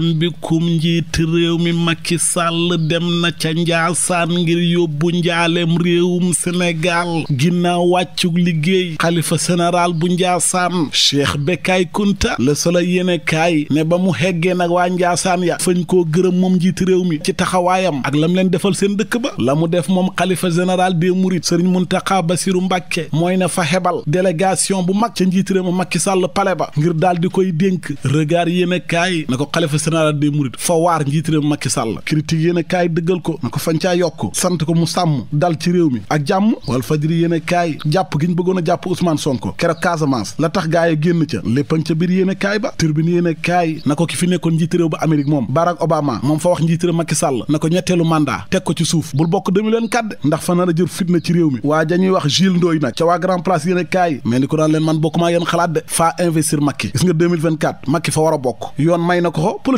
Mbikum njiiti réew mi Macky Sall dem na ca Njaasaan ngir yóbbu njaalem réewum Sénégal ginnaaw wàccug liggéey xalifa général bu Njaasaan Cheikh Bekay Kunta Le Soleil yéene kaay ne ba mu heggee nag waa Njaasaan ya fañ koo gërëm moom njiiti réew mi ci taxawaayam ak lam leen defal seen dëkk ba la mu def moom xalifa général des Mourides Serigne Mountakha Bassirou Mbacké mooy na fa hebal délégation bu mag ca njiiti réew mi Macky Sall pale ba ngir daal koy dénk regard yéene na ko xalifa générale des fa waar njiitu réew Macky Sall critique kaay dëggal ko na ko fañ yokk sant ko mu sàmm dal ci réew mi ak jàmm wal fajiri yéen a kaay jàpp gi ñu bëggoon a jàpp Ousmane keroog Casamance la tax gaay yi génn ca léppañ ca biir yéen a kaay ba turbine yéen a kaay na ko ki fi nekkoon njiitu ba Amérique moom Barack Obama moom fa wax njiitu réew Macky na ko ñetteelu mandat teg ko ci suuf bul bokk 2024 ndax fa nar a jël fitna ci réew mi waa jañuy wax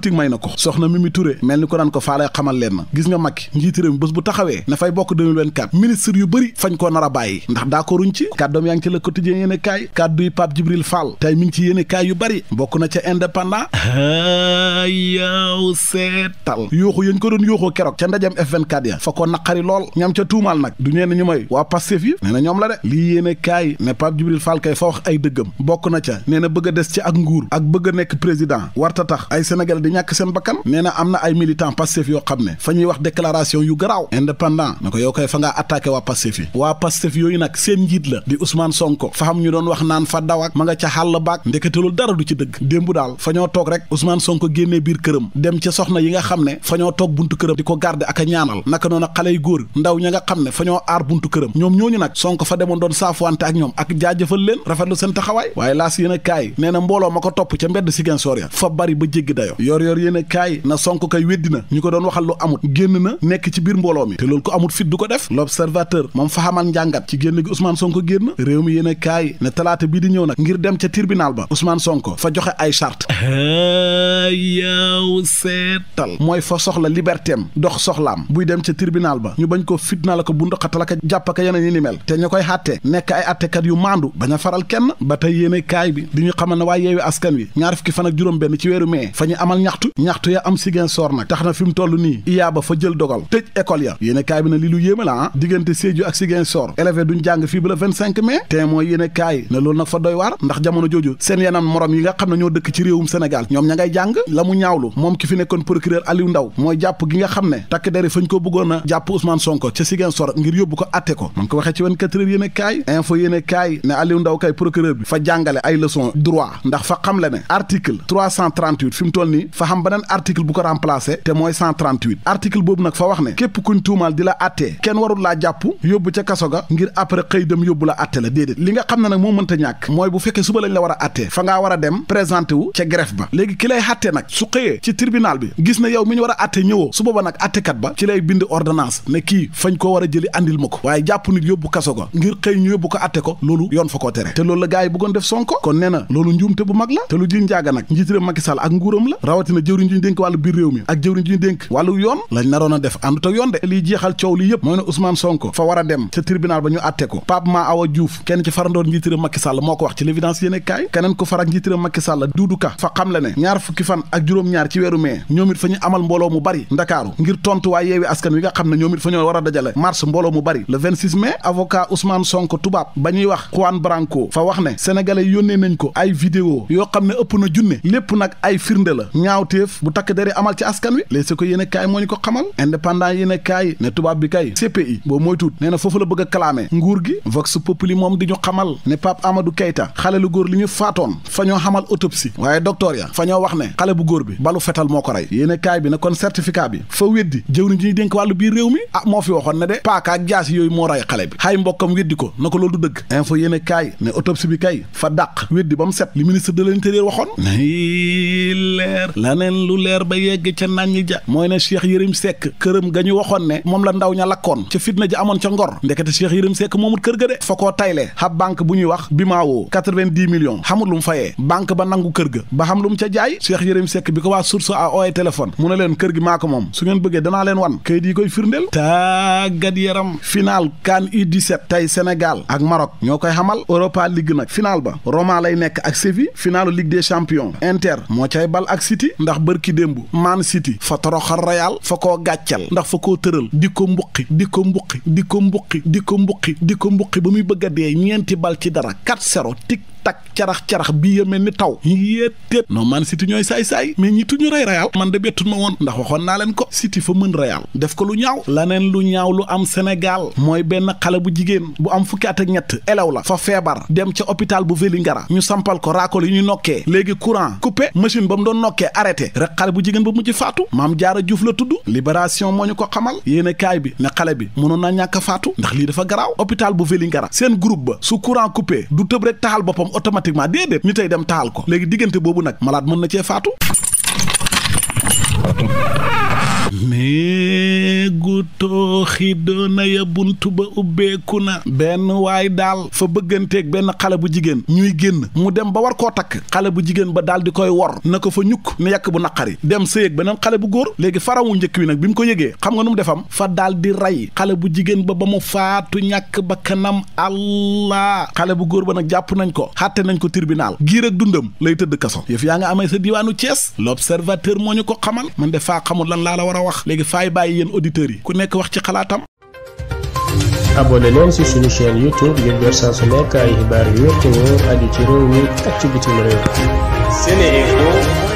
politique may na ko soxna Mimi Touré mel ni ko daan ko faa lay xamal leen na gis nga Macky njiiti bés bu taxawee na fay bokk 2024 ministre yu bëri fañ koo nar a bàyyi ndax d'accorduñ ci kàddoom yaa ngi ci le quotidien yéene kaay kàddu yi Pape Djibril Fall tey mi ngi ci yéene kaay yu bëri bokk na ca indépendant yaaw seetal yooxu yéen ko doon yooxoo keroog ca ndajam F24 ya fa ko naqari lool ñam ca tuumaal nag du ñeen ñu may waa Pastef yi nee na ñoom la de lii yéene kaay ne Pape Djibril Fall kay fa wax ay dëggam na ca bëgg des ci ak nguur ak bëgg nekk président daal di ñàkk seen bakkan nee na am na ay militant Pastef yoo xam ne fa ñuy wax déclaration yu garaaw indépendant na ko yow koy fa nga attaqué waa Pastef yi waa Pastef yooyu nag seen njiit la di Ousmane Sonko fa xam ñu doon wax naan fa daw ak ma nga ca xàll baak ndeketewul dara du ci dëgg démbu daal fa ñoo toog rek Ousmane Sonko génne biir këram dem ca soxna yi nga xam ne fa ñoo toog buntu këram di ko garder ak a ñaanal naka noonu xale yu góor ndaw ña nga xam ne fa ñoo aar buntu këram ñoom ñooñu nag Sonko fa demoon doon saafuwante ak ñoom ak jaajëfal leen rafetlu seen taxawaay waaye laas yéen a kaay nee na mbooloo ko topp ca mbedd Ziguinchor ya fa bari ba jéggi dayo yor yor yéen kaay na sonk kay weddi na ñu ko doon waxal lu amut génn na nekk ci biir mbooloo mi te loolu ko amut fit du ko def l'observateur moom fa xamal njàngat ci génn gi Ousmane sonk génn réew mi yéen kaay na talaata bii di ñëw nag ngir dem ca tribunal ba Ousmane Sonko fa joxe ay charte yaaw seetal mooy fa soxla libertem dox soxlaam buy dem ca tribunal ba ñu bañ ko fit naa la ko bu ndoxatal ak jàpp ak yeneen yi ni mel te ñu koy àtte nekk ay yu maandu bañ a faral kenn ba tey yéen kaay bi di ñu xamal ne waaye yeewi askan wi ñaar fukki fan ak juróom benn ci weeru mai ñaxtu ñaxtu ya am Ziguinchor nag tax na fi mu toll nii iyaa ba fa jël dogal tëj école ya yéene kaay bi na li lu yéeme la ah. diggante Sédhiou ak Ziguinchor élèves duñ jàng fii ba le 25 mai te mooy yéene kaay ne loolu nag fa doy waar ndax jamono jooju seen yenam morom yi nga xam ne ñoo dëkk ci réewum Sénégal ñoom ña ngay jàng la mu ñaawlu moom ki fi nekkoon procureur Aliou Ndaw mooy jàpp gi nga xam ne takk deri fañ ko bëggoon a jàpp Ousmane Sonko ca Ziguinchor ko atte ko man ko waxee fa jàngale ay leçon droit ndax fa xam le ne article 338 fi mu toll nii fa xam beneen article bu ko remplacé te mooy 138 article boobu nag fa wax ne képp kuñ tuumaal di la attee kenn warul laa jàpp yóbbu ca kaso ga ngir après xëy dem yóbbu la atte la déedéet li nga xam ne nag moo mënta ñàkk mooy bu fekkee suba lañ la war a attee fa ngaa war a dem présenté wu ca greffe ba léegi ki lay attee nag su xëyee ci tribunal bi gis na yow mi ñu war a atte ñëwoo su booba nag attekat ba ci lay bind ordonnance ne kii fañ koo war a jëli andil ma waaye jàpp nit yóbbu kaso ngir xëy ñu yóbbu ko atte ko loolu yoon fa koo tere te loolu la gars yi bëggoon def sonko kon nee na loolu njuumte bu nag njiitéram Macky Sall ak la rawatina jëwriñ ji ñu dénk wàllu biir réew mi ak jëwriñ ji ñu dénk wàllu yoon lañ naroon a def àndut ak yoon de liy jeexal coow li yëpp mooy ne Ousmane Sonko fa war a dem ca tribunal ba ñu àtte ko Pape Ma Awa Diouf kenn ci farandoor njiitiram Macky Sall moo ko wax ci l'évidence yéene kaay keneen ko farak njiitiram Macky Sall Doudou Ka fa xam la ne ñaar fukki fan ak juróom-ñaar ci weeru mai ñoom it fa ñu amal mbooloo mu bari ndakaaru ngir tontu waa yeewi askan wi nga xam ne ñoom it fa ñoo war a dajale mars mbooloo mu bari le 26 mai avocat Ousmane Sonko tubaab ba ñuy wax Juan Branco fa wax ne sénégalais yónnee nañ ko ay vidéo yoo xam ne ëpp na junne lépp nag ay firnde la ñaawteef bu takk deri amal ci askan wi léeg si ko yéen a kaay moo ñu ko xamal indépendant yéen a kaay ne tubaab bi kay CPI boobu mooy tuut nee na foofu la bëgg a kalaamee nguur gi vox populi moom di ñu xamal ne Pape Amadou Keita xale lu góor li ñu faatoon fa ñoo xamal autopsie waaye docteur ya fa ñoo wax ne xale bu góor bi balu fetal moo ko rey yéen a kaay bi ne kon certificat bi fa weddi jëwriñ ji ñu dénk wàllu biir réew mi ah moo fi waxoon ne de paaka ak jaasi moo rey xale bi xay mbokkam weddi ko na ko loolu du a kaay ne bi kay fa dàq weddi la laneen lu leer ba yegg ca nañ ja mooy ne Cheikh Yérim sekk këram ga ñu waxoon ne moom la ndaw ña lakkoon ca fitna ji amoon ca Ngor ndekete Cheikh Yérim sekk moomut kër ga de fa koo tayle ab banque bu ñuy wax Bimaawoo quatre-vingt-dix millions xamul lu mu fayee banque ba nangu kër ga ba xam lu mu ca jaay Cheikh Yérim sekk bi ko waa source a ooye téléphone mu ne leen kër gi maa ko moom su ngeen bëggee danaa leen wan kayit yi koy firndeel tàggat yaram final CAN U17 tey Sénégal ak Maroc ñoo koy xamal Europa League nag final ba Roma lay nekk ak Séville finalu Ligue des Champions moo cay bal ak City ndax bër ki démb Man City fa toroxal Real fa koo gàccal ndax fa ko tëral di ko mbuqi di ko mbuqi di ko mbuqi di ko mbuqi di ko mbuqi ba muy bëgg a dee ñeenti bal ci dara 4-0 tik tak carax-carax bii ya mel ni taw yéetéet non man City ñooy saay-saay mais ñi tuñu rey Real man de bettut ma woon ndax waxoon naa leen ko City fa mën Real def ko lu ñaaw laneen lu ñaaw lu am Sénégal mooy benn xale bu jigéen bu am fukki at ñett elew la fa feebar dem ca hôpital bu Vélingara ñu sampal ko raakol yi ñu nokkee léegi courant coupé machine ba mu doon nokkee arrêté rek xale bu jigéen ba mujj faatu maam jaara juuf la tudd libération moo ñu ko xamal yéene bi ne xale bi mënoon naa ñàkk faatu ndax lii dafa garaaw hôpital bu Vélingara seen groupe ba su courant coupé du tëb rek taxal boppam moom automatiquement déedéet ñu tey dem taal ko léegi diggante boobu nag malade mën na cee faatu néegu tooxi doona ya bunt ba ubbeeku na benn waay daal fa bëgganteeg benn xale bu jigéen ñuy génn mu dem ba war koo takk xale bu jigéen ba daal di koy wor na ko fa ñukk ne yàkk bu naqari dem sëyeeg beneen xale bu góor léegi farawu njëkk wi nag bi mu ko yëgee xam nga nu mu defam fa daal di rey xale bu jigéen ba ba mu faatu ñàkk ba kanam allah xale bu góor ba nag jàpp nañ ko xàtte nañ ko tribunal giir ak dundam lay tëdd kaso yëf yaa nga amee sa diiwaanu moo ñu ko xamal man de faa xamul lan a wax léegi faay bàyyi yéen auditeurs yi ku nekk wax ci xalaatam abonné leen ci suñu chaîne youtube ngir jot saa su nekk ay xibaar yu wér te wóor ci réew mi ak ci bitim réew